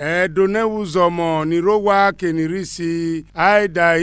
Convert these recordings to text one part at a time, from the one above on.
edonwuzom nirow keri si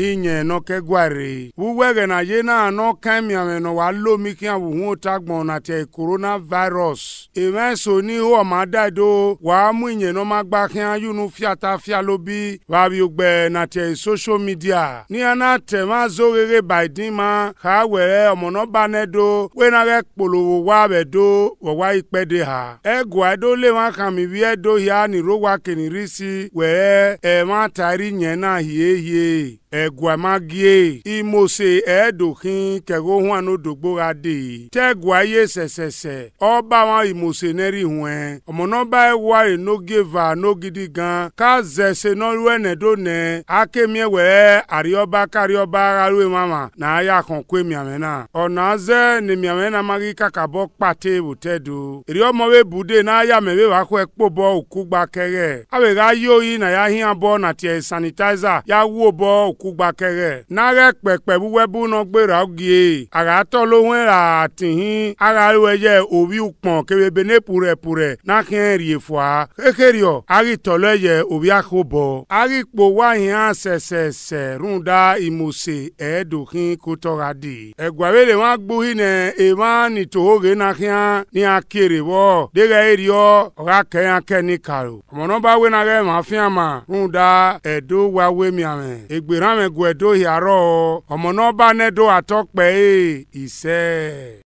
idnye nokegari wehnayenano cmimewalomikin utagonate coronavirus eweso n'ihu omadedo wamnyenmagbaha unufatafialobi wabigbe na te sosial midia nan temaz ohehe bidima ka wee omonobanedo wen ha kpoloowado wikpedi haeguedolewakaibi edoha n irowakeni risi were e matari nye na hie hie egwamagie imose edohin kego hwa no dogbo ga de te gwaye sesese oba wa imose neri hwe omono ba ewa re no ka zese no ruwe ne do ne akemi ewe arioba karioba garu mama na aya kon kwe miamena ona ze ni miamena bude na aya me we wa ko ekpo bo okugba kere awe ga yo yi na ya kugbakɛrɛ n'arɛ kpɛkpɛ bubɛ bunɔ gbera gie agatɔ lohun la tihin arayɔ yɛ owi kpɔn kebebe ne purɛpurɛ n'ahɛn rie fua xexeriɔ aritɔlɔ yɛ owi axobɔ arikpo wahin asɛsɛsɛ runda imose ɛɛdohin kutɔɣadi ɛgbawe le wọn agbohi nɛ ema nitohoge n'ahɛn ni akere wɔ deɣɛ eriɔ ɔɣakɛyakɛ ni karo mɔnɔbawe n'ahɛ ma fiama runda ɛdo wawe miame egbera name gwe do hiaro omo no ba ne do atokpe e ise